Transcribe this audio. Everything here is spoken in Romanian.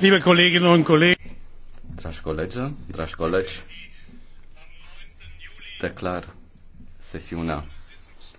Liebe Kolleginnen und Kollegen, dragi colegi, dragi colegi, declar sesiunea